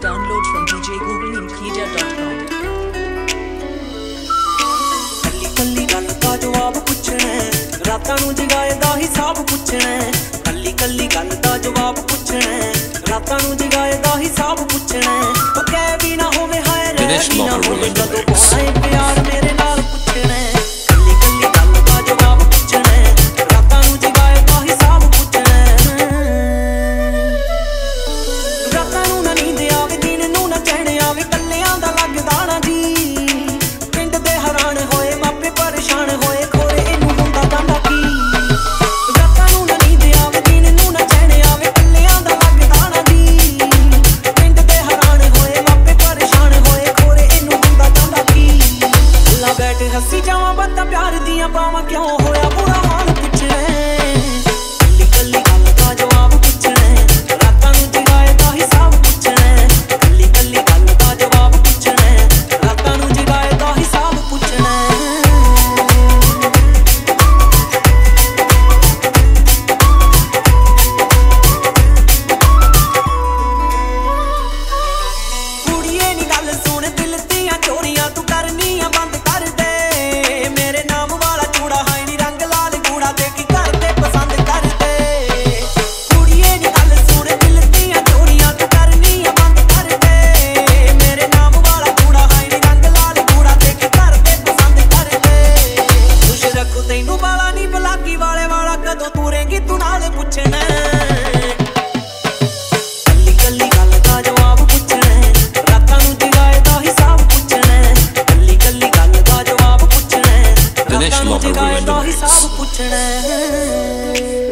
Download from djgooglinmedia.com ਕੱਲੀ ਕੱਲੀ ਗੱਲ ਦਾ ਜਵਾਬ ਪੁੱਛਣਾ ਰਾਤਾਂ ਨੂੰ ਜਗਾਏ ਦਾ ਹਿਸਾਬ ਪੁੱਛਣਾ ਕੱਲੀ ਕੱਲੀ ਗੱਲ ਦਾ ਜਵਾਬ ਪੁੱਛਣਾ ਰਾਤਾਂ ਨੂੰ ਜਗਾਏ ਦਾ ਹਿਸਾਬ ਪੁੱਛਣਾ ਉਹ ਕਹਿ ਵੀ ਨਾ ਹੋਵੇ ਹਾਇ ਰਹਿ ਵੀ ਨਾ ਹੋਵੇ ਜਦੋਂ ਆਏ ਪਿਆਰ ਬੈਠ ਹੱਸੀ ਜਾਵਾਂ ਬੰਦਾ ਪਿਆਰ ਦੀਆਂ ਪਾਵਾਂ ਕਿਉਂ ਹੋਇਆ ਬੁਰਾ ਹਾਲ ਕੀ ਤੂੰ ਨਾਲ ਪੁੱਛਣਾ ਕੱਲੀ ਕੱਲੀ ਗੱਲ ਜਵਾਬ ਪੁੱਛਣਾ ਰਾਤਾਂ ਨੂੰ ਦਾ ਹਿਸਾਬ ਪੁੱਛਣਾ ਕੱਲੀ ਕੱਲੀ ਗੱਲ ਦਾ ਜਵਾਬ ਪੁੱਛਣਾ ਰਾਤਾਂ ਨੂੰ ਜਗਾਏ ਹਿਸਾਬ ਪੁੱਛਣਾ